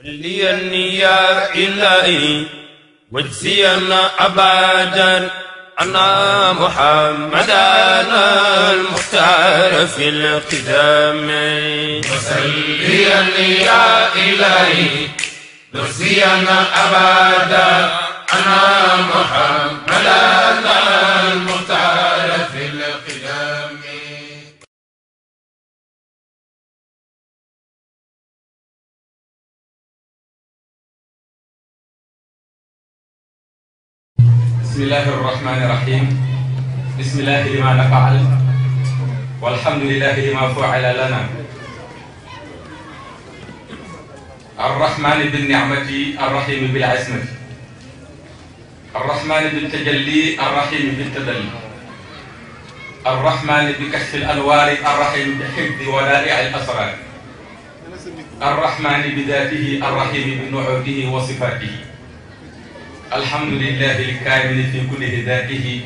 سلي النيا إلهي واجزينا أبدا أنا محمدا المختار في القدام وسليا يا إلهي واجزينا أبدا أنا محمدا bismillahi arrahmani irrahim bismillahi lima nafaal walhamdulillahi lima faala lana arrahmani binnicmati arrahimi bilcasmati arrahmani biltajalli arrahimi biltadalli arrahmani bikashfi alanwaari arrahimi bixifdi wadaa'ici alasraar arrahmani bidaatihi arrahimi binucuutihi wa sifaatihi alhamdulillahi alkaamili fi kulli hidaatihi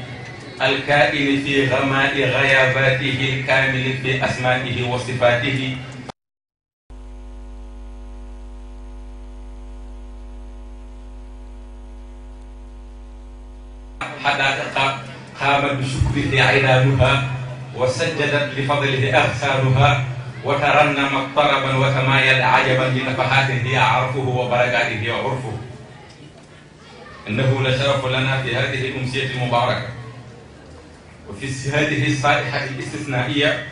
alkaa'ini fi ghamaa'i ghayaabaatihi alkaamili fi asmaa'ihi wa sifaatihi حدائق قامت بشكره عيناها وسجدت لفضله أغصانها وترنمت طربا وتمايل عجبا لنفحاته يعرفه وبركاته وعرفه إنه لشرف لنا في هذه الأمسية المباركة وفي هذه الصائحة الاستثنائية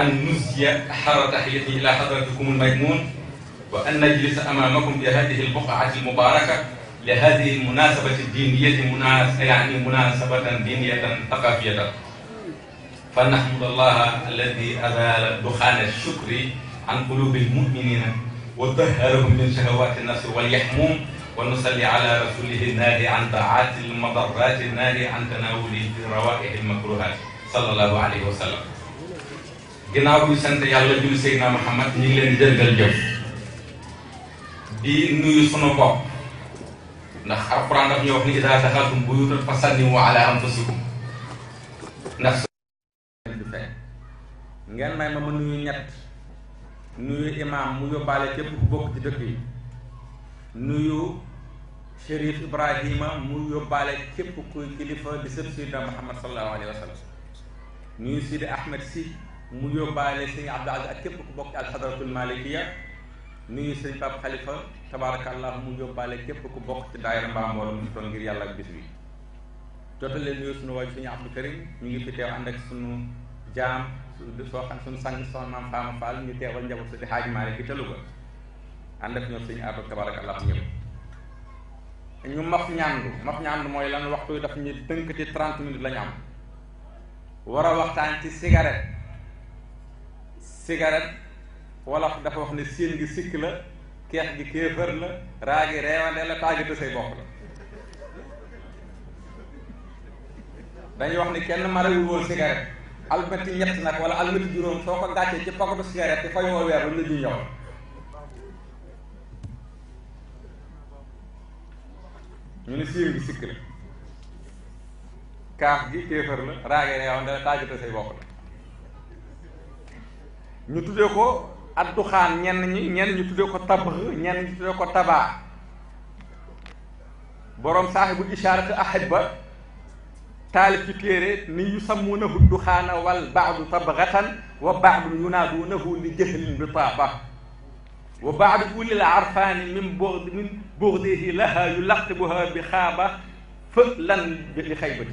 أن نزي أحر تحيتي إلى حضرتكم الميمون وأن نجلس أمامكم بهذه البقعة المباركة لهذه المناسبة الدينية مناس يعني مناسبة دينية ثقافية فنحمد الله الذي أزال دخان الشكر عن قلوب المؤمنين وطهرهم من شهوات النفس واليحموم wa nusalli ala rasulihi naahi an taati lmadarrati naahi an tanawuli rawaihi lmakruhati sallallahu alayhi wa sallam ginnaaw buy sant yàlla julli Seydina Muhammad ñu ngi leen di jërgal jëf di nuyu sunu bopp ndax alquran daf ñu wax ni idaa daxaltum buyuutan fasallimu ala anfusikum ndax su leen di fekk ngeen may ma ma nuyu ñett nuyu imaam mu yóbbaale képp ku bokk ci dëkk yi nuyu Chérif Ibrahima mu yóbbaale képp kuy kilifa di sëb Seydina Muhammad sallallahu alayhi wa sallam nuyu Sidi Ahmed si mu yóbbaale sëñ Abdou Aziz ak képp ku bokk alxadratul malikiya nuyu sëñ Pape Khalifa tabaarakallah mu yóbbaale képp ku bokk ci daayira mbaa mbooloo mu doon ngir yàlla ak bis bi jotalee nuyu suñu waaju suñu Abdou Karim ñu ngi fi teew ànd ak suñu jaam soo xam suñu sàng soo maam Faama Fall ñu teewal njaboot si di Haaj Maalik bi te Louga ànd ak ñoom suñu àdduna tabaarakallah ñëpp ñu maf ñàndu maf ñàndu mooy lan waxtu daf ñu dënk ci trente minutes la ñu am war a waxtaan ci cigarette cigarette wolof dafa wax ni siin gi sikk la keex gi kéefër la raa gi reewande la taa gi tësay bopp la dañuy wax ni kenn marewul woon cigarette almati ñett nag wala almati juróom soo ko gàccee ci paquetu cigarette te fa yoo weer lu ñu ñëw ñu ni siiw gi sikk la kaaf gi kéefër la raagee ne yow dana tàggate say bopp la ñu tuddee ko adduxaan ñenn ñi ñenn ñu tuddee ko tabax ñenn ñu tuddee ko tabaa boroom saaxibul ishaarati ahad ba taalib ci téere ni yu sammuunahu duxaana wal baadu tabaxatan wa baadum yunaaduunahu li jahlin bi taaba wa baadu ulil arfaani min bugdi min bugdihi laha yulaqibuha bi xaaba fa lan li xaybati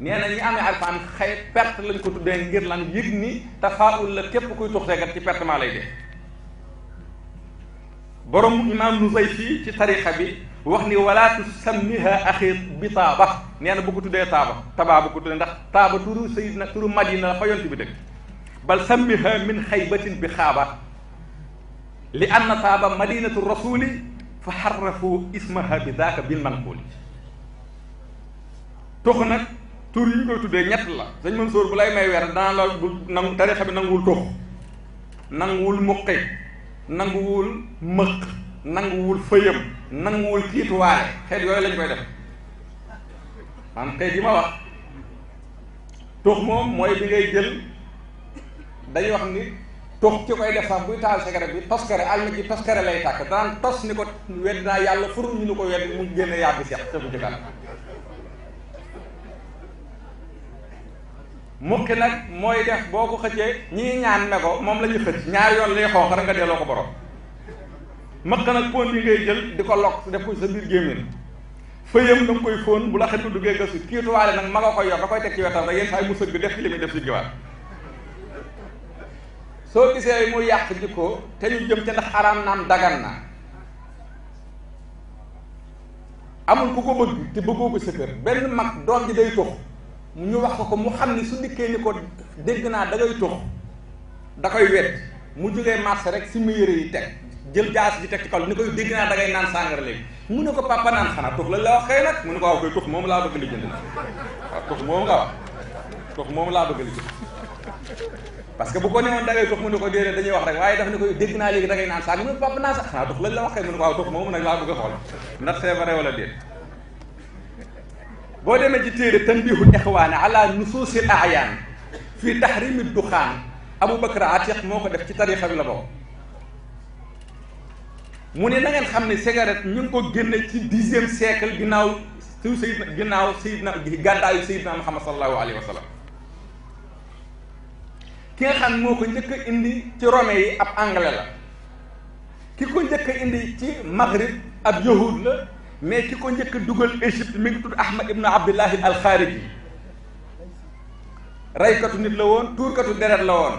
nee na ñi amee arfaan xay perte lañ ko tuddee ngir lan yëg ni tafaul la képp kuy tuxteekat ci perte maa lay def borom imaam Nuzayfi ci tariqa bi wax ni wala tusammiha axi bi taaba nee na bu ko tuddee taaba tabaa bu ko tuddee ndax taaba turu sayidna turu madina la fa yonti bi dëkk bal sammiha min xaybatin bi xaaba li anna saaba madinatu rasuli fa xarrafu ismaha bi daaka bil manquli tox nag tur yi ñu koy tuddee ñett la sëñ Mansoor bu lay may weer dana la bu nangu tarixa bi nanguwul tox nanguwul muqi nanguwul mëq nanguwul fëyam nanguwul kiituwaale xeet yooyu lañ koy def maanaam xeet yi ma wax tox moom mooy bi ngay jël dañuy wax ni tux ci koy def sax buy taal sigaret bi toskare àll ji toskare lay tàkk daan tos ni ko wedd naa yàlla furu ñu ni ko wedd mu génn yàbbi seex te bu jëkkaat mukki nag mooy def boo ko xëccee ñii ñaan ne ko moom la ñu xëcc ñaar yoon lay xonq rek nga delloo ko borom mëq nag pon bi ngay jël di ko lokk def ko sa biir gémmiñ fëyam da koy fóon bu la xet duggee gasu kiituwaale nag ma nga koy yor da koy teg ci wetam rek yenn saa yi mu sëgg def ci li soo gisee mu yàq jikko te ñu jëm ca ndax araam naam dagan na amul ku ko bëgg te bëggoo ko sa kër benn mag doom ji day tux ñu wax ko ko mu xam ne su dikkee ni ko dégg naa da ngay tux da koy wet mu jógee marché rek si mu yi teg jël jaas ji teg ci kaw ni koy dégg naa da ngay naan sàngara léegi mu ne ko papa naan xanaa tux la la waxee nag mu ne ko waaw koy tux moom laa bëgg li jënd waaw tux moom nga wax tux moom laa bëgg li jënd parce que bu ko newoon dawee tux mu ne ko déedéet dañuy wax rek waaye daf ne ko dégg naa léegi da ngay naan saag mu ne papa naa sax xanaa tux lañ la waxee mu ne ko waaw tux moomu nag laa bëgg a xool ndax c'est vrai wala déet boo demee ci téere tanbihul ixwaane ala nusuusil ayaan fii tahrimi duxaan aboubacar atiq moo ko def ci tarixa bi la bokk mu ne na ngeen xam ne cigarette ñu ngi ko génne ci dixième siècle ginnaaw su sayidna ginnaaw sayidna gàddaayu sayidna muhammad sallallahu alayhi wa sallam ki nga xam moo ko njëkk a indi ci rome yi ab anglais la ki ko njëkk a indi ci maghrib ab yahud la mais ki ko njëkk dugal égypte mi ngi tudd ahmad ibnu abdullahi alxaariji reykatu nit la woon tuurkatu deret la woon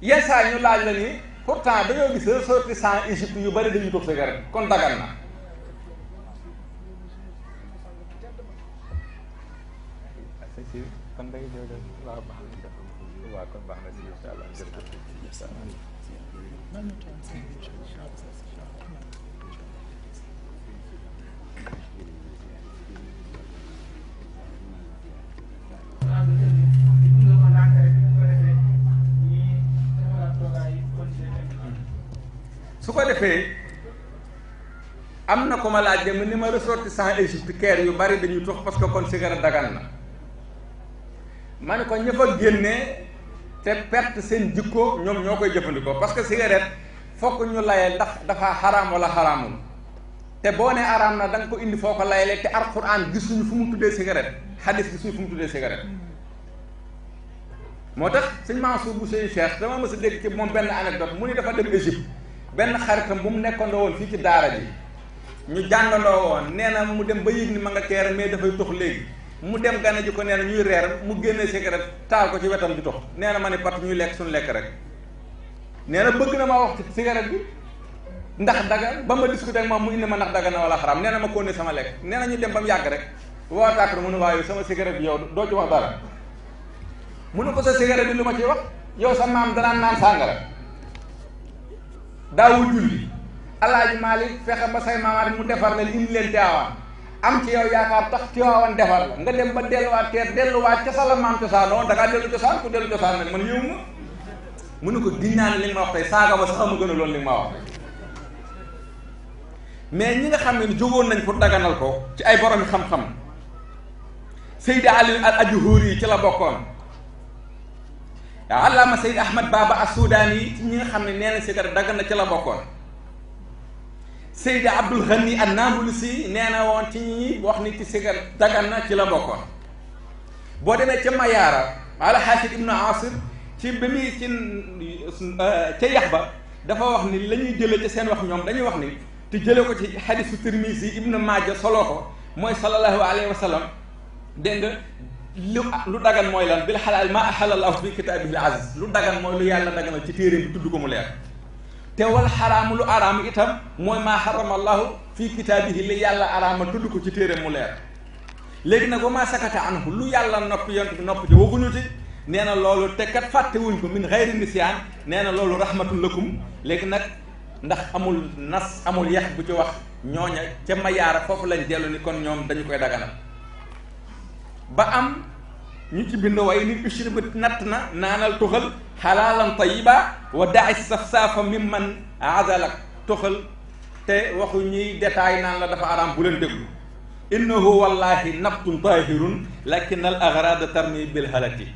yenn saa ñu laaj la ni pourtant dañoo gis ressortissant égypte yu bëri dañu tux cigarette kon dagan na sa si su ko defee am na ko ma laaj de mu ni ma ressortissant Égypte keer yu bari dañuy tox parce que kon cigara dagan na ma ne ko ña fa génnee te perte seen jikko ñoom ñoo koy jëfandikoo parce que cigarette fokk ñu layee ndax dafa xaraam wala xaraamul te boo ne araam na da nga ko indi foo ko layalee lekk alxuraan gisuñu fu mu tuddee cigarette xadis gisuñu fu mu tuddee cigarette moo tax sëñ Mansour bu sëñ Cheikh dama mës a dégg ci moom benn anecdote mu ni dafa dem Égypte benn xaritam bu mu nekkandoo woon fii ci daara ji ñu jàngandoo woon nee na mu dem ba yëg ni ma nga teer mais dafay tox léegi mu dem gane ji ko nee na ñuy reer mu génne cigarette taal ko ci wetam di tox nee na ma ne pat ñuy lekk suñu lekk rek nee na bëgg na ma wax ci cigarette bi ndax daga ba ma discuté ak moom mu indi ma ndax daga na wala xaram nee na ma kóone sama lekk nee ñu dem ba mu yàgg rek waa tàkk mu ne waaye sama cigarette bi yow doo ci wax dara mu ne ko sa cigarette bi lu ma ciy wax yow sa maam danaan naan sàngara daawul julli alaaji Maalik fexe ba say maamaat mu defar leen indi leen teewaan. am ci yow yaakaar tax Tiwaawan defar la nga dem ba delluwaat teer delluwaat ca sala maam cosaanoo da dellu cosaan ku dellu cosaan nag man ñëw ma mu ne ko ginnaan li nga ma wax tey saaga a loolu li nga ma ñi nga xam ne jógoon nañ pour daganal ko ci ay borom xam-xam Seydi Ali al Ajhuri yi ci la bokkoon allaama Seydi Ahmad Baba as sudaan yi ñu nga xam ne nee na sigar dagan na ci la bokkoon Seydi Abdul Ghani an-Naabulusi nee na woon ci ñi wax ni ci sigar dagan na ci la bokk boo demee ca Mayaara al-Haasid ibnu Asir ci bi muy ci euh, ca yax ba dafa wax ni lañuy ñuy jëlee ca seen wax ñoom dañuy wax ni te jëlee ko ci xadisu Tirmisi ibnu Maaja soloo ko mooy sallallahu alayhi wa sallam dégg nga lu lu dagan mooy lan bil xalaal maa ahalallaahu fi kitaabihi al lu dagan mooy lu yàlla daganal ci téere bi tudd ko mu leer te wal xaraamu lu araam itam mooy ma xaramallahu fii kitaabihi li yàlla araama tudd ko ci téere mu leer léegi nag ba maa sakata anhu lu yàlla nopp yont bi nopp ci waxuñu ci nee na loolu te kat wuñ ko min xayri nisiyaan nee na loolu rahmatul lakum léegi nag ndax amul nas amul yax bu ci wax ñooña ca mayaara foofu lañ dellu ni kon ñoom dañu koy daganal ba am ñu ci bind waaye nit ushribat natt na naanal tuxal xalaalan tayiba wa daay saf saafa mim man azalak toxal te waxu ñuy détail naan la dafa araam bu leen déglu innahu wallahi nabtun tahirun lakin al agrada tarmi bil halati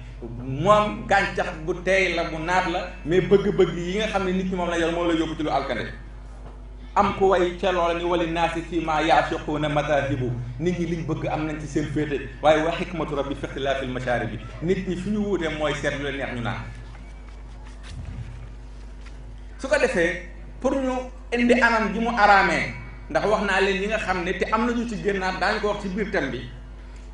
moom gàncax bu teey la bu naat la mais bëgg-bëgg yi nga xam ne nit ñi moom la yor moo la yóbbu ci lu alkande am ku way ca loola ni wali naasi fii maa yaasiquuna matahibu nit ñi liñ bëgg am nañ ci seen féete waaye wa xikmatu rabbi fi ixtilaafil machaari bi nit ñi fi ñu wuutee mooy seet lu leen neex ñu su ko defee pour ñu indi anam ji mu araamee ndax wax naa leen ñi nga xam ne te am ñu ci génnaat daañu ko wax ci biir tam bi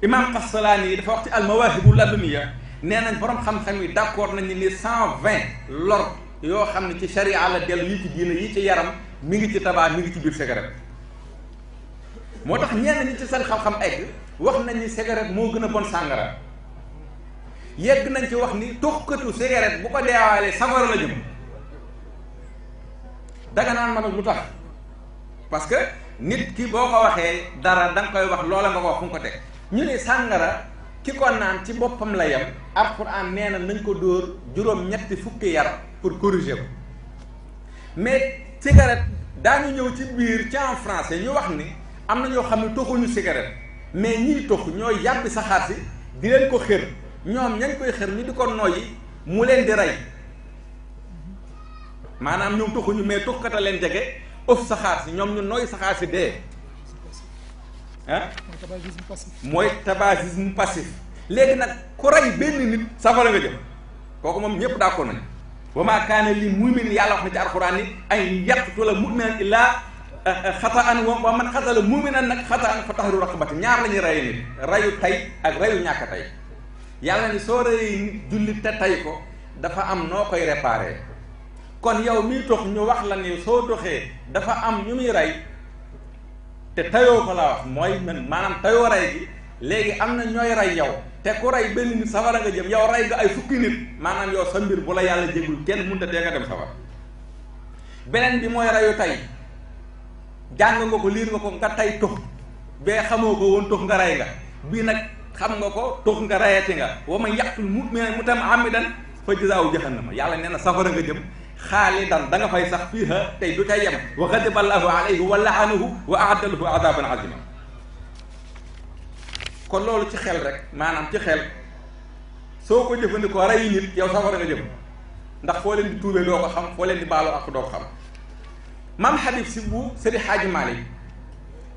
imam Qasalaani yi dafa wax ci almawahibu laduniya nee nañ borom xam-xam yi d' accord nañu ni cent vingt lor yoo xam ne ci sharia la dellu yi ci diina yi ci yaram mi ngi ci tabac mi ngi ci biir cigarette moo tax ñenn ñi ci seen xam-xam egg wax nañ ni cigarette moo gën a bon sàngara yegg nañ ci wax ni tuxkatu cigarette bu ko deewaalee safara la danga naan ma ak lu tax parce que nit ki boo ko waxee dara danga koy wax loola nga ko wax fu nga ko teg ñu ne sàngara ki ko naan ci boppam la yem alxuraan nee na nañ ko dóor juróom-ñetti fukki yar pour corriger ko mais cigarette daañu ñëw ci biir ci en français ñu wax ni am na ñoo xam ne toxuñu cigarette mais ñiy tox ñoo yàbbi saxaar si di leen ko xër ñoom ñañ koy xër ñu di ko noyyi mu leen di rey maanaam ñoom ñu mais tuxkat a leen jege ëf saxaar si ñoom ñu nooy saxaar si dee ah mooy tabagisme passif léegi nag ku rey benn nit safara nga jëm kooku moom ñëpp d'accord nañ wa maa kaana li mu'min yàlla wax na ci alxuraan ni ay yaqtula mu'minan illaa eh, eh, xataan wa man xatala mu'minan nag xataan fa tahriru raqabati ñaar la ñuy rey nit reyu tey ak reyu ñàkk tey yàlla ni soo reyee nit jullit te tey ko dafa am noo koy réparé kon yow miy tux ñu wax la ni soo doxee dafa am ñu muy rey te tayoo ko la wax mooy man maanaam tayoo rey gi léegi am na ñooy rey yow te ku rey benn nit safara nga jëm yow rey nga ay fukki nit maanaam yow sa mbir bu la yàlla jégul kenn mun a tee nga dem safara beneen bi mooy reyu tey jàng nga ko liir nga ko nga tey tux bee xamoo ko woon tux nga rey nga bii nag xam nga ko tux nga reyati nga wa man yaqtul mu'mina muta'ammidan fa jazaahu jahannama yàlla nee na safara nga jëm xaalidan da nga fay sax fiiha tey du tey yem wa xadiba allahu wa laanahu wa aadda lahu azima kon loolu ci xel rek maanaam ci xel soo ko jëfandikoo rey nit yow safara nga jëm ndax foo leen di tuubee doo ko xam foo leen di baaloo ak doo ko xam maam xadif si bu sëriñ xaaji Maalik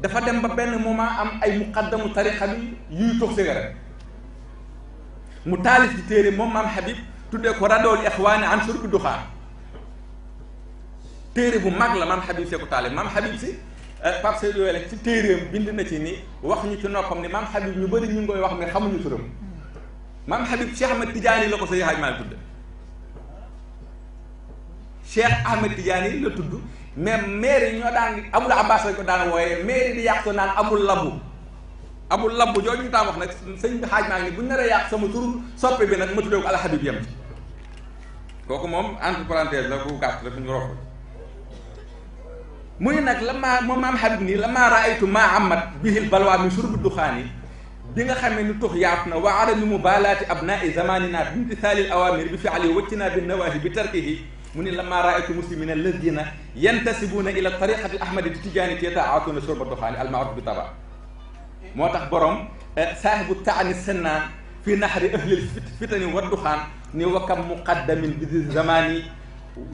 dafa dem ba benn moment am ay muqaddamu tarixa bi yuy tox sigaret mu taalif ci téere moom maam xadif tuddee ko radool ixwaani an surki duxaan téere bu mag la maam Habib Sy ko taalee maam Habib Sy eh, Pape Seydou Wele ci téereem bind na ci ni wax ñu ci noppam ni maam Habib ñu bari ñu ngi koy wax mais xamuñu turam maam Habib Cheikh Ahmed Tidiane la ko Seydi Hadji Malick tudd Cheikh Ahmed Tidiane la tudd mais maire yi ñoo daan amul abbas lañ ko daan wooyee maire di yàq soo naan amul labbu amul labbu jooju ñu taam wax nag sëñ Hadji Malick ni bu ñu nar a yàq sama tur soppe bi nag ma tuddee ko Al Habib yam kooku moom entre parenthèse bu gàtt mu ne nag la maa ma maam Habib nii la maa raaytu maa amat bihil balwaa mi surbu duxaani bi nga xamee ni tux yaatu na wa adami mubaalaati abnaai zamanina bi imtisaalil awaamir bi fiali waccinaa bi nawaahi bi tarkihi mu ne la maa raaytu muslimina alladina yantasibuuna ila tariqati ahmadi tijaani yataaatuna surba duxaani almaaruf bi taba moo tax borom eh, saahibu taani sennaan fi naxari ahlil fitani wa duxaan ni wakam muqaddamin bi zamani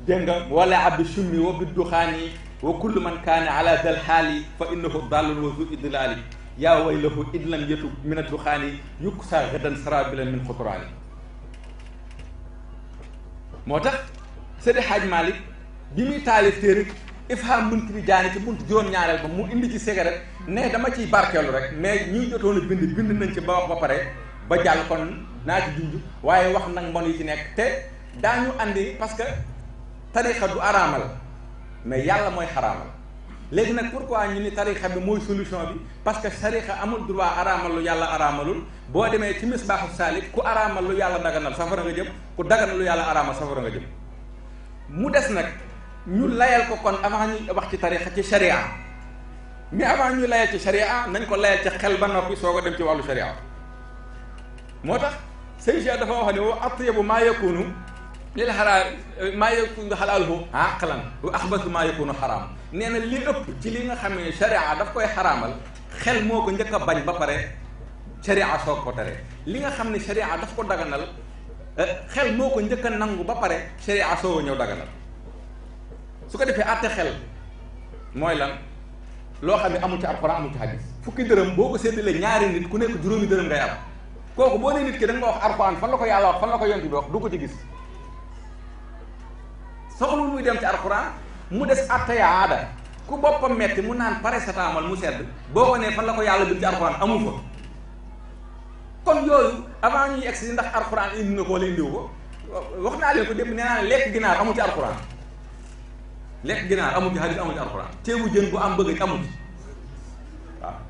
dégg nga wala abi summi wa bi duxaani wa kullu man kaane ala dal xaali fa innahu dallun wa zu idlaali yaa waylahu in lam yatub min adduxaani yuksa gadan sarabilan min xuturaani moo tax Seydi xaaj Malick bi muy taalif téere ifhaam bunt bi jaani ci bunt juróom-ñaareel ba mu indi ci sigaret ne dama ciy barkeelu rek mais ñi jotoon bind bind nañ ci ba wax ba pare ba jàll kon naa ci junj waaye wax nag mbon yi ci nekk te daañu andi parce que tariqa du araamal mais yàlla mooy xaraamal léegi nag pourquoi ñu ni tarixa bi mooy solution bi parce que tarixa amul droit araamal lu yàlla araamalul boo demee ci misbaaxu saalik ku araamal lu yàlla daganal safara nga jëm ku daganal lu yàlla araamal safara nga jëm mu des nag ñu layal ko kon avant ñu wax ci tarixa ci sharia mais avant ñu layal ci sharia nañ ko layal ci xel ba noppi soo ko dem ci wàllu sharia moo tax sëy dafa wax ne wa atyabu maa yakunu lil xaraam maa yakunu xalaaluhu aqlan wa axbasu maa yakunu xaraam neena na li ëpp ci li nga xam ne sharia daf koy xaraamal xel moo ko njëkk a bañ ba pare sharia soog ko tere li nga xam ne sharia daf ko daganal eh, xel moo ko njëkk a nangu ba pare sharia soo ñëw daganal su ko defee àtte xel mooy lan loo xam ne amul ci a amul ci hadis fukki dërëm boo ko séddalee ñaari nit ku nekk juróomi dërëm ngay am kooku boo nee nit ki da nga wax alxuraan la ko yàlla ko yonent bi wax du ko ci gis soxlul muy dem ci alxuraan mu des attay aada ku boppam metti mu naan pare paracetamol mu sedd boo ko nee fan la ko yàlla bind ci alxuraan amu ko kon yooyu avant ñuy egsi ndax alxuraan indi na ko wala indiwu ko wax naa leen ko démb nee naa lekk ginaar amu ci alxuraan lekk ginaar amu ci hadis amu ci alxuraan ceebu jën bu am bëgg amu ci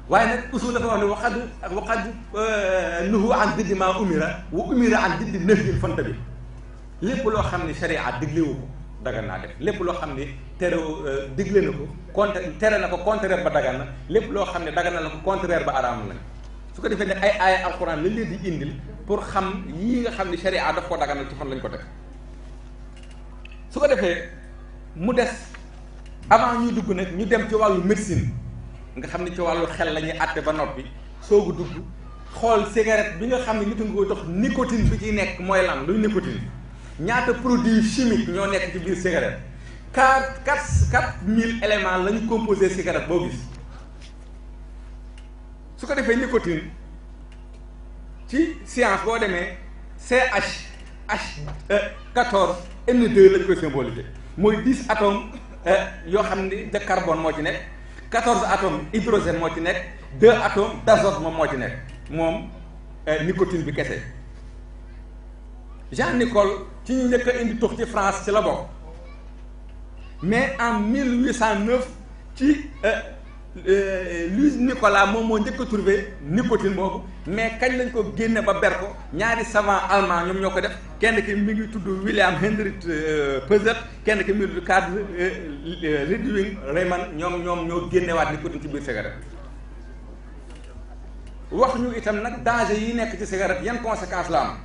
waaye nag usul dafa wax ne waqad waqad euh, nuhu am diddi maa umira wa umira an diddi nëf yin fanta bi lépp loo xam ne sharia diglewu ko daganaa def lépp loo xam ne tere euh, digle na ko contre tere na ko contraire ba dagan na lépp loo xam ne daganal na ko contraire ba araam na su ko defee nag ay aaya alxuraan lañu leen di indil pour xam yii nga xam ne sharia daf ko daganal lañ ko teg su ko defee mu des avant ñuy dugg nag ñu dem ci wàllu médecine nga xam ne ci wàllu xel la ñuy àtte ba noppi soogu dugg xool cigarette bi nga xam ne nit nga koy dox nicotine bi ciy nekk mooy lan luy nicotine ñaata produit chimique ñoo nekk ci biir cigarette quatre quatre quatre mille éléments la ñu composé cigarette boo gis su ko defee nicotine ci science boo demee CH H e quatorze N deux lañ koy symboliser mooy dix atomes euh, yoo xam ni de carbone moo ci nekk quatorze atomes hydrogène moo ci nekk de atomes d'azote moom moo ci nekk moom euh, nicotine bi kese. Jean Nicole ci ñu njëkk indi tux ci France ci la bokk mais en 1809 ci euh, euh, Louis Nicolas moom moo njëkk a trouvé nicotine boobu mais kañ lañ ko génne ba ber ko ñaari savant allemand ñoom ñoo ko def kenn ki mi ngi tudd William Hendrik euh, Peuzet kenn ki mi ngi tudd Karl Ludwig Riemann ñoom ñoom ñoo génnewaat nicotine ci biir cigarette wax ñu itam nag danger yi nekk ci cigarette yan conséquences la am.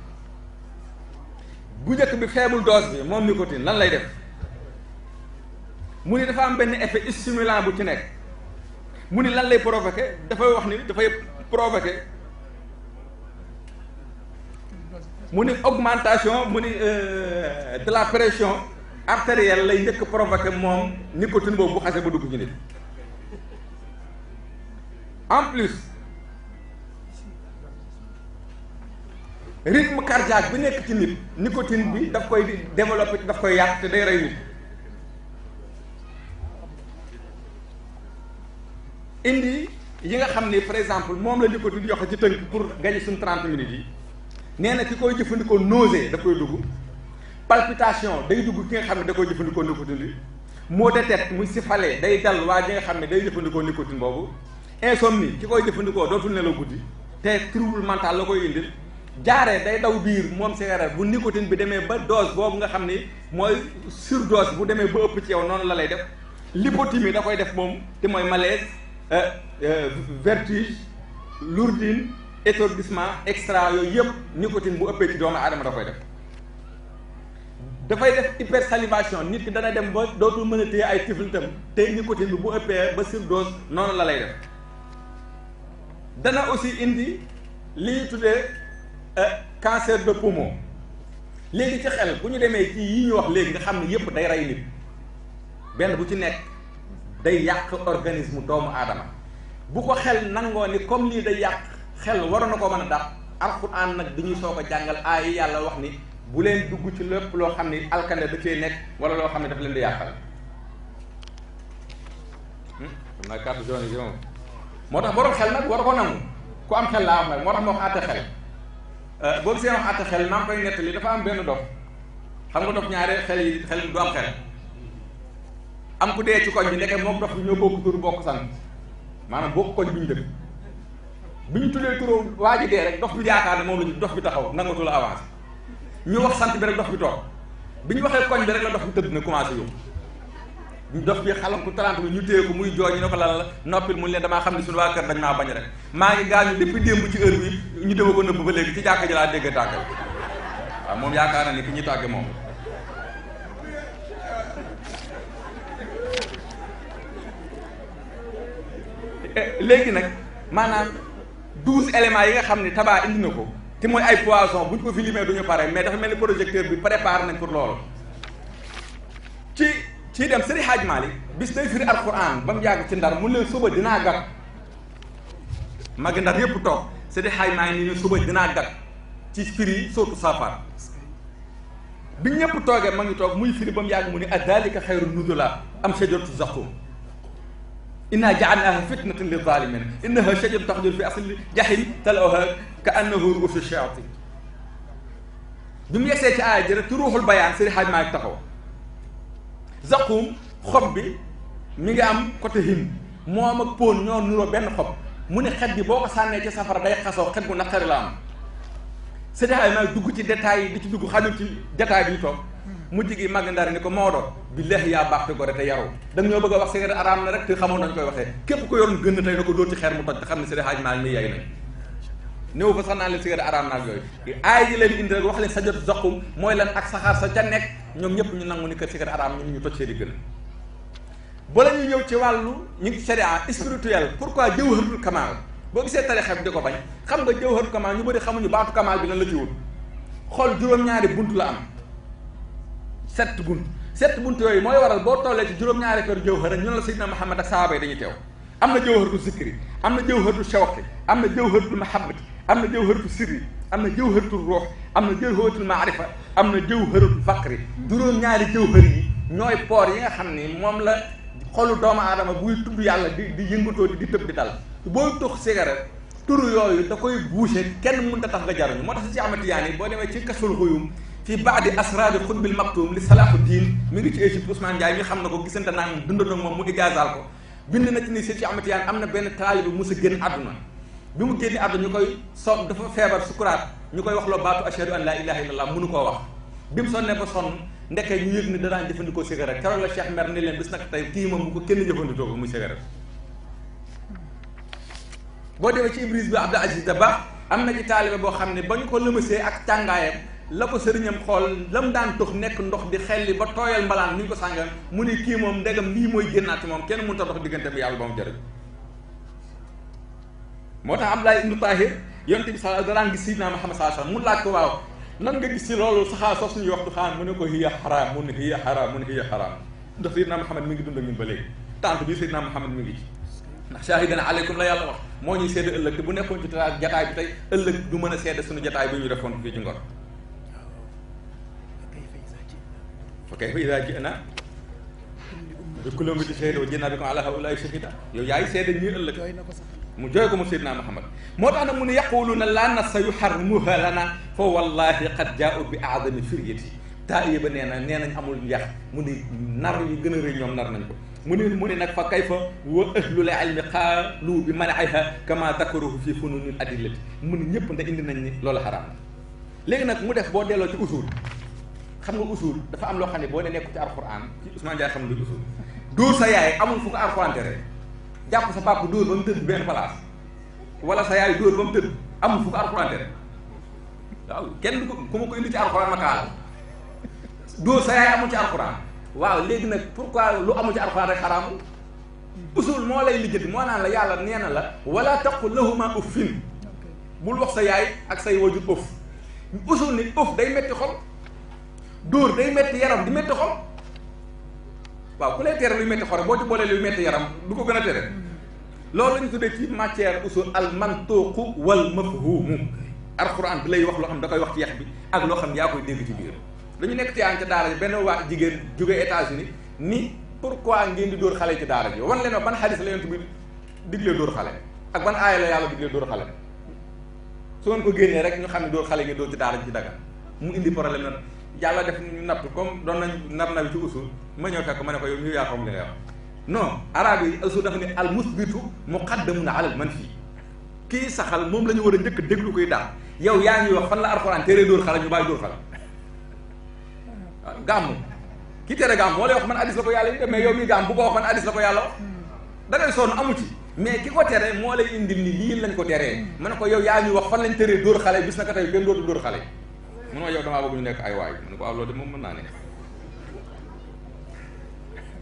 bu njëkk bi feebul dose bi moom nicotine lan lay def mu ni dafa am benn effet stimulant bu ci nekk mu ni lan lay provoqué dafay wax ni dafay provoqué mu ni augmentation mu ni euh, de la pression artérielle lay njëkk provoqué moom nicotine boobu bu xase ba dugg ci en plus rythme cardiaque bi nekk ci nit nicotine bi daf koy développé daf koy yàq te day rey nit indi yi nga xam ni par exemple moom la nicotine yoxe ci tënk pour gagner suñu 30 minutes yi nee na ki koy jëfandikoo nausée daf koy dugg palpitation day dugg ki nga xam ne da koy jëfandikoo nicotine bi maux de tête mu sifalee day dal waa ji nga xam ne day jëfandikoo nicotine boobu insomnie ki koy jëfandikoo dootul nelaw guddi te trouble mental la koy indil jaaree day daw biir moom cigarette bu nicotine bi demee ba dose boobu nga xam ni mooy surdose bu demee ba ëpp ci yow noonu la lay def lipothymie da koy def moom te mooy malaise euh, euh, vertige lourdine étourdissement extra yooyu yëpp nicotine bu ëppee ci doomu aadama da koy def dafay def hypersalivation nit ki dana dem ba dootul mën a téye ay tiflitam te nicotine bi bu ëppee ba surdose noonu la lay def dana aussi indi li ñu Euh, cancer de poumon léegi ci xel bu ñu demee ci yi ñu wax léegi nga xam ne yépp day rey nit benn bu ci nekk day yàq organisme doomu aadama bu ko xel nangoo ni comme lii day yàq xel waroon na ko mën a dàq alxuraan nag dañuy soo ko jàngal aay yàlla wax ni bu leen dugg ci lépp loo xam ni alkande da cee nekk wala loo xam ne daf leen di yàqal hmm? am na carte jaune yi moom moo tax borom xel nag war ko nangu ku am xel laa wax nag moo tax moo ko àtte xel Euh, boo gisee wax àtte xel naa koy nettali dafa am benn dof xam nga dof ñaaree xel yi xel du am xel am ku dee ci koñ bi ndeke moom dof bi ñoo bokk tur bokk sant maanaam bokk koñ bi ñu dëkk bi ñu tuddee turam waa ji dee rek dof bi yaakaar ne moom la ñu dof bi taxaw nangatul avancé ñu wax sant bi rek dof bi toog bi ñu waxee koñ bi rek la dof bi tëdd na commencé yóbbu. dof bi xalam ko talante bi ñu téye ko muy jooy ñu ne ko lan la noppil mu leen damaa xam ne suñu waa kër dañ maa bañ rek maa ngi gaañu depuis démb ci heure bi ñu dema ko nëbb ba léegi ci jàkka laa dégg tàggal waaw yaakaar na ni ki ñu tàgge moom eh, nag maanaam douze éléments yi nga xam ne Taba indi ko te mooy ay poisson bu ñu ko du ñu pare mais dafa mel ni projecteur bi prépare nañ pour loolu ci ciy dem Sëriñ Haaj Maalik bis day firi alquran ba mu yàgg ci ndar mu leen suba dinaa gàtt magi ndar yépp toog Sëriñ Haaj Maalik ni ñu suba dinaa gàtt ci firi sootu safar bi ñëpp toogee ma ngi toog muy firi ba mu yàgg mu ni adalika xayru nuzula am shajaratu zaqum inna jaalnaaha fitnatan li zalimin innaha shajaratu taxjur fi asli jahim talawha ka annahu ruusu shayatin bi mu yegsee ci aaya jëre ci ruuxul bayaan Sëriñ Haaj Maalik taxaw zaquum xob bi mi ngi am côté him moom ak póon ñoo nuroo benn xob mu ne xet bi boo ko sànnee ci safara day xasoo xet bu naqari la am sëñ Aliou maa dugg ci détails yi di ci dugg xajul ci détail bi ñu toog mujj gi mag ndar ni ko Maodo billahi yaa baax te gore te wax sigaret araam na rek te koy waxee képp ko yoroon gën tey ko dóor ci xeer mu toj te xam ne sëñ Aliou maa ngi yay nañ néew fa naa leen sigaret araam na ak yooyu aay yi leen indi rek wax leen sa jot zaqum mooy lan ak saxaar sa ca nekk ñoom ñëpp ñu nangu ni que sikar araam ñun ñu toj seen i gën ba la ñuy ñëw ci wàllu ñu ngi sharia spirituel pourquoi jawharatul kamal boo gisee tarixa bi di ko bañ xam nga jawharatul kamal ñu bëri xamuñu baatu kamaal bi lan la ci wut xool juróom-ñaari bunt la am sept bunt sept bunt yooyu mooy waral boo tollee ci juróom-ñaari kër jawhara ñu ne la Seydina Muhammad a saaba yi dañuy teew am na jawharatul zikri am na jawharatul shawqi am na jawharatul mahabbati am na jawharatul sirri am na jawharatul ruux am na jawharatul maarifa am na jawharatul fakri juróom-ñaari jawhar yi ñooy poor yi nga xam ni moom la xolu doomu aadama buy tudd yàlla di di yëngatoo di tëb di dal boo tux cigarette turu yooyu da koy bouché kenn mënut a tax nga jaruñu moo tax si ci amati boo demee ci kasful xuyum fii baadi asraari xutbil maktum li salaahu diin mi ngi ci Égypte Ousmane Ndiaye mi xam na ko gisante naa dundandoo moom mu ijaazaal ko a génn bi mu génn àdduna ñu koy so dafa feebar sukuraat ñu koy wax loo baatu ashhadu an laa ilaaha illallaah mënu ko wax bi mu sonnee ba sonn ndekkee ñu yëg ni danaa jëfandikoo cigarette keroog la Cheikh mer ni leen bis nag tey kii moom bu ko kenn jëfandikoo ko muy cigarette boo demee ci Ibris bi Abdou Aziz ba am na ci taalibe boo xam ne ba ñu ko lëmasee ak tàngaayam la ko sëriñam xool la mu daan tux nekk ndox di xelli ba tooyal mbalaan ni ñu ko sàngal mu ne kii moom ndegam lii mooy génnaat ci moom kenn a dox bi yàlla ba mu moo tax Abdullah ibnu Tahir yonent bi sa daraan gis Sayyidina Muhammad sallallahu alayhi wasallam mu laaj ko waaw nan nga gis si loolu saxaa soof suñuy waxtu xaan mu ne ko hiya xaraam mu ne hiya xaraam mu ne hiya xaraam ndax Sayyidina Muhammad mi ngi dund ak ñun ba léegi tant bi Sayyidina Muhammad mi ngi ci ndax shaahidan aleykum la yàlla wax moo ñuy seede ëllëg te bu nekkoon ci jataay bi tey ëllëg du mën a seede suñu jataay bi ñu defoon fii ci ngor fa kayfa idaa ji'naa bi kulli ummatin shahidin wa ji'naa bika alaa haa'ulaa'i shahiidaa yow yaay seede ñuy ëllëg mu jooy ko mu seydina Muhammad moo tax na mu ne na laa nasa yuharrimuha lana fa wallahi qad jaau bi aadami firyati taa yéba nee na nee nañ amul yax mu ne nar yi gën a rëy ñoom nar nañ ko mu ne mu ne nag fa kayfa wa ahlul ilmi qaalu bi manaiha kama dakaruhu fi fununil adillati mu ne ñëpp nda indi nañ ni loolu xaraam na léegi nag mu def boo delloo ci usul xam nga usul dafa am loo xam ne boo ne nekku ci alquran ci Ousmane Ndiaye xam nga usul dóor sa yaay amul fu jàpp sa papa dóor ba mu tëdd benn place wala sa yaay dóor ba mu tëdd amul fu alxuraan tere waaw kenn du ko ku ma ko indi ci alxuraan ma kaal dóor sa yaay amul ci alxuraan waaw léegi nag pour pourquoi lu amul ci alxuraan rek xaraamul usul moo lay lijjati moo naan la yàlla nee na la wala taqul lahuma uffin bul wax sa yaay ak say wajur ëf usul ni ëf day metti xol dóor day metti yaram di metti xol waaw ku lay tere luy metti xorom boo ci boolee luy metti yaram du ko gën a tere loolu lañu tuddee ci matière usul al mantuuqu wal mafhumu alquran bi lay wax loo xam da koy wax ci yax bi ak loo xam yaa koy dégg ci biir dañu nekk ci aan ca daara ji benn waa jigéen jóge États-Unis ni pourquoi ngeen di dóor xale ci daara ji wan leen ma ban xadis la yonent bi diglee dóor xale ak ban aaya la yàlla diglee dóor xale su ngeen ko génnee rek ñu xam ne dóor xale ngeen dóor ci daara ji ci daga mu indi problème na yàlla def ñu natt comme doon nañ nar na bi ci usul ma ñëw fekk ma ne ko yow ñu yaa xam li nga wax non arabe yi usul dafa ne al musbitu muqaddamun alal manfi kii saxal moom la ñu war a njëkk déglu koy daal yow yaa ñuy wax fan la alxuraan téere dóor xala ñu bàyyi dóor xala gàmm kii téere gàmm moo lay wax man addis la ko yàlla yi mais yow mi gàmm bu ko wax man addis la ko yàlla wax da ngay sonn amu ci mais ki ko tere moo lay indil ni lii lañ ko teree ma ne ko yow yaa ñuy wax fan lañ teree dóor xale bis na ko tey kenn dootu dóor xale mu ne ma yow damaa bëgg ñu nekk ay waay mu ne ko waaw ah, loolu de moom mën naa ne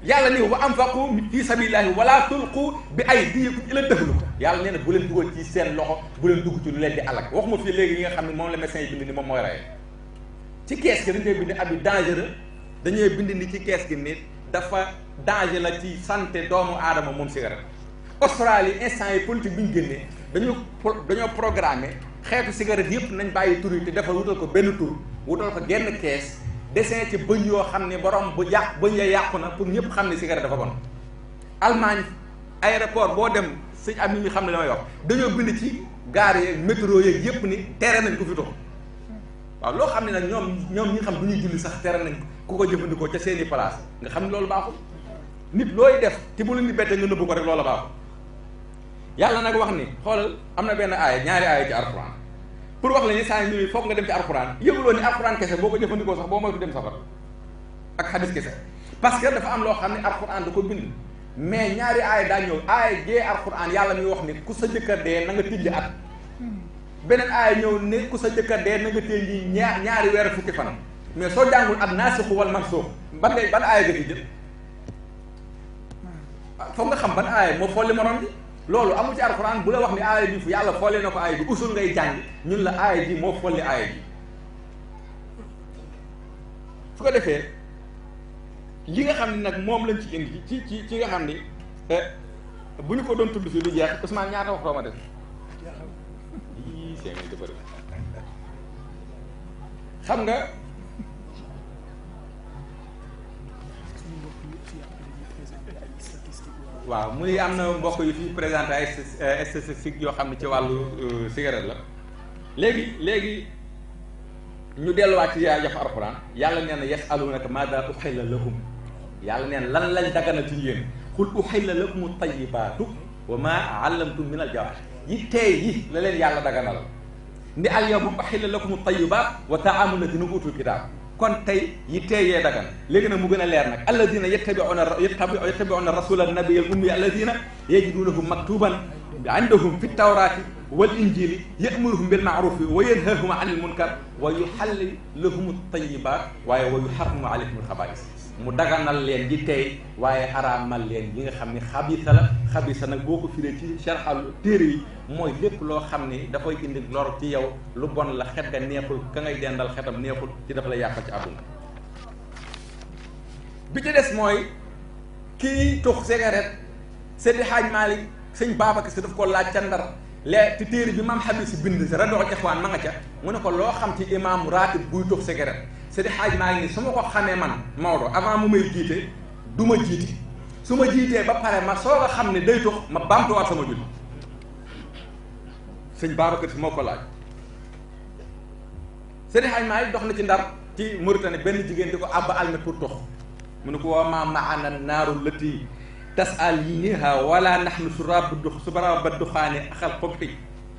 yàlla ni wa anfaqu fi sabilillahi wala tulqu bi aydikum ila tahluka yàlla nee na bu leen dugal ci seen loxo bu leen dugg ci lu leen di alak waxuma fii léegi yi nga xam ne moom la médecin yi bind ni moom moo rey ci kees gi dañ koy bind ab dangereux dañuy bind ni ci kees gi nit dafa danger la ci santé doomu aadama moom cigarette Australie instant yi politique bi ñu génnee dañoo dañoo programmé xeetu cigarette yëpp nañ bàyyi tur yi te defal wutal ko benn tur wutal ko genn kees dessin ci bëñ yoo xam ne borom bu yàq bëñ ya yàqu na pour ñëpp xam ne cigarette dafa bon Allemagne aéroport boo dem sëñ am ñu xam ne damay wax dañoo bind ci gaar yeeg métro yeeg yëpp ni tere nañ ko fi waaw loo xam ne nag ñoom ñoom ñi xam du ñuy julli sax tere nañ ku ko jëfandikoo ca seeni place nga xam ne loolu baaxul nit looy def te bu leen di bette nga nëbbu ko rek loola yàlla nag wax ni xoolal am na benn aaya ñaari aaya ci alxuraan pour wax la ni saa yu foog nga dem ci alxuraan yëguloo ni alxuraan kese boo ko jëfandikoo sax boo moytu dem safar ak xadis kese parce que dafa am loo xam ne alxuraan da ko bind mais ñaari aaya daa ñëw aaya jee alxuraan yàlla muy wax ni ku sa jëkkër dee na nga tijji at beneen aaya ñëw ne ku sa jëkkër dee na nga tijji ñaar ñaari weer fukki fan mais soo jàngul ak naasixu wal mansuux ban ngay ban aaya nga ci jël foog nga xam ban aaya moo folli morom bi loolu amu ci alxuraan bu la wax ni aaya bi fu yàlla folle na ko aaya bi usul ngay jàng ñun la aaya ji moo folli aaya ji su ko defee li nga xam ne nag moom lañ ci indi ci ci ci nga xam ni eh, bu ñu ko doon tudd fii du jeex Ousmane ñaata waxtoo ma def xam nga waaw muy am na mbokk yu fi présenté ay euh, statistiques yoo xam ne ci wàllu euh, cigarette la léegi léegi ñu delluwaat ci yaa jox alxuraan yàlla nee na yes alunaka maada uxilla lahum yàlla neen lan lañ dagana ci yéen xul uxilla lakumu tayibaatu wa maa allamtum min al jawaar yi tey yi la leen yàlla daganal ni al yawma uxilla lakumu tayibaat wa taamu la dina utul kitaab kon tey yi teeyee dagan léegi nag mu gën a leer nag alladina yattabiuna yattabiu yattabiuna rasula annabiyal ummi alladina yajidunahu maktuban indahum fi tawrati wal injili yamuruhum bil maarufi wa yanhahum anil munkar wa yuxalli lahum tayibat waaye wa yuxarrimu alayhim alxabaais mu daganal leen ji tey waaye araamal leen yi nga xam ne xabisa la xabisa nag boo ko firee ci sharxal téere yi mooy lépp loo xam ni dafay indi lor ci yow lu bon la xet ga neexul ka ngay dendal xetam neexul ci dafa la yàqal ci àdduna bi ci des mooy kii tux cigarette Seydi Hajj Maalik sëñ ki Si daf ko laaj ca Ndar lee te téere bi maam xabis si bind si radox jaxwaan ma nga ca mu ne ko loo xam ci imaamu raatib buy tux cigarette Seydi Hadj Malick ni su ma ko xamee man Maodo avant mu may jiite du ma jiite su ma jiitee ba pare ma soog a xam ne day tux ma baamtuwaat sama julli sëñ Babacar si moo ko laaj Seydi Hadj Malick dox na ci ndar ci Mauritanie benn jigéen di ko àbb almet pour tux mu ne ko waa maa maana naaru lëtti tasal yiniha wala nahnu surab du subara ba duxaane axal xobxi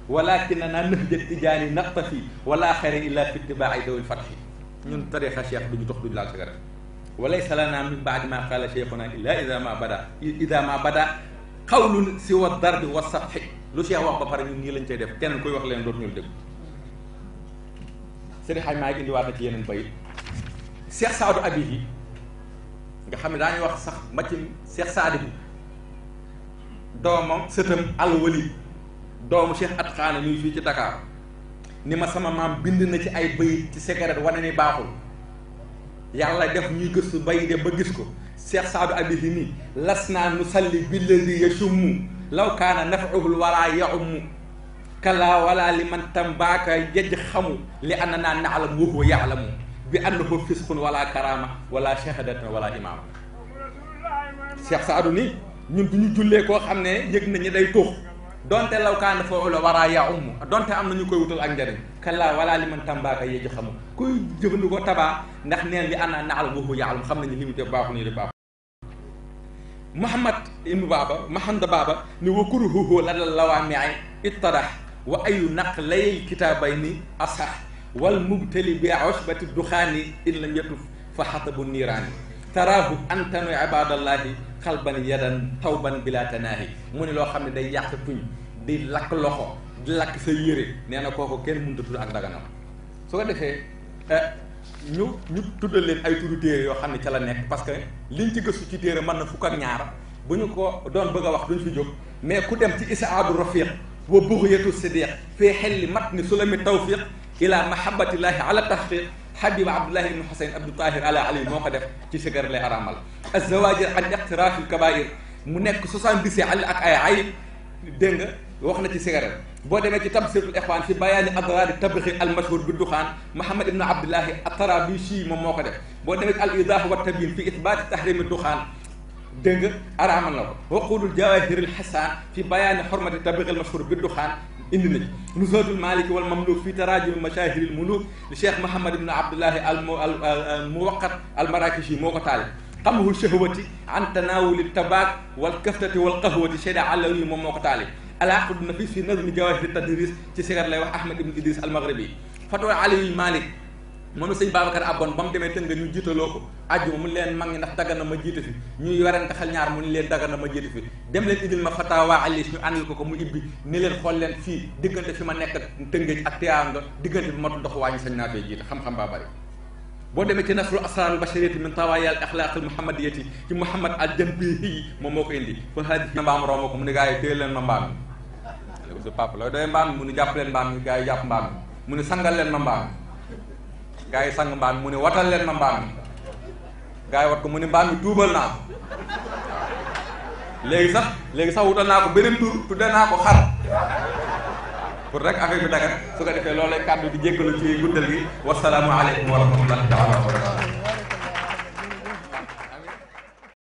walakin na naa nëx jët tijaani naqta fi wala xayra illa fi ay dawil fatxi ñun tarixa cheikh duñu tox duñu laal cigarette walaysa lanaa min baadi maa qaala cheikhuna illaa ida ma bada ida ma bada lu si wa darbi wa sabxi lu cheikh wax ba pare ñun nii lañ cay def keneen koy wax leen dootu ñu la dégg sëriñ xay maa indiwaat na ci yeneen bayit cheikh saadu abi nga xam ne daañu wax sax macim cheikh saadi bi doomam sëtam alwali doomu cheikh at xaana ñuy fii ci Dakar ni ma sama maam bind na ci ay bayit ci cigarette wane ni baaxul yàlla def ñuy gëstu bay de ba gis ko Cheikh Saadu Abidi nii las naa nu salli billadi yasummu law kaana nafauhul wala yaummu kala wala li man tambaaka yej xamu li anna naa naalam wa huwa yaalamu bi annahu fisqun walla karama wala shahadatan wala imaama Cheikh Saadu ni ñun du ñu jullee koo xam ne yëg nañu day tuux donte law kaana foofu la war a yaa umm donte am na ñu koy wutal ak njëriñ kallaa walaa li man tambaaka yee ji xamul kuy jëfandikoo tabaa ndax neen bi ana naal boobu yaalum xam nañu li mu def baaxul nii di baaxul Muhammad ibnu Baaba Muhammad Baaba ni wa kuruhuhu la dal lawaami ay ittarax wa ayu naq lay kitaabay ni asax wal mubtali bi usbati duxaani in la njëtu fa xatabu niiraani taraahu antanu ibadallahi xalban yadan tawban bila tanaahi mu ne loo xam ne day yàq tuñ di lakk loxo di lakk sa yére nee na kooku kenn mënut a tudd ak daganam su ko defee eh, ñu ñu tuddal leen ay turu téere yoo xam ne ca la nekk parce que liñ ci gëstu ci téere mën na fukk ak ñaar bu ñu ko doon bëgg a wax duñ fi jóg mais ku dem ci isaabu rafiq wa buxyatu sidiq fii xelli mat ni su la mi tawfiq ila mahabbatillahi ala tahqiq Habib Abdullah ibn Husayn Abdou Tahir ala ali moo ko def ci sigar lay araamal azawajir an iqtiraafil kabair mu nekk 77 al ak ay ayib dégg nga wax na ci sigaret boo demee ci tabsirul ixwaan fi bayaani adraari tabxi al mashhur bi duxaan Muhammad ibn Abdullahi at-Tarabishi moom moo ko def boo demee ci al idaafa wa tabyin fi itbaati tahrimi duxaan dégg nga araamal na ko waqulul jawahiril xasaan fi bayaani xormati tabxi al mashhur bi duxaan indi nañ nusratul maliki wal mamluk fi tarajim mashahiril muluk li cheikh mahamad ibne abdullahi al muwaqat al marakishi moo ko taali xamahul shahwati an tanawuli tabaak wal kaftati wal qahwati cheyda àllaw yi moom moo ko taali alaaqdu nafis fi nazmi jawahiri tadris ci sigar lay wax ahmad ibne idris al maghribi fatwa aliyu malik moom sëñ Babacar Abone ba mu demee tënga ñu jiitaloo ko àjjuma mu leen mag ñi ndax dagana ma jiite fi ñuy werante xel ñaar mu ni leen dagana ma jiite fi dem leen indil ma fatawa alis ñu àndal ko ko mu ibbi ni leen xool leen fii diggante fi ma nekk tëngéej ak téyaanga diggante bi matul dox waañu sañ naa fee jiite xam-xam baa bari boo demee ci nasru asraar albashariyati min tawaayal axlaaqil muhammadiyati ci muhammad al janbihi moom moo ko indi fa haadi mbaam roomo ko mu ni gars yi téye leen ma mbaam mi ko su papa mu ni jàpp leen mbaam mi gars yi mu ni sangal leen ma mbaam gaa yi sang mbaam mu ne watal leen ma mbaam mi gaa yi wat ko mu ne mbaam mi tuubal naa ko léegi sax léegi sax wutal naa ko beneen tur tudde naa ko xar pour rek affaire bi dagat su ko defee loolu lay kàddu bi jéggalu ci guddal gi wasalaamu aleykum wa rahmatullahi taala wa barakatu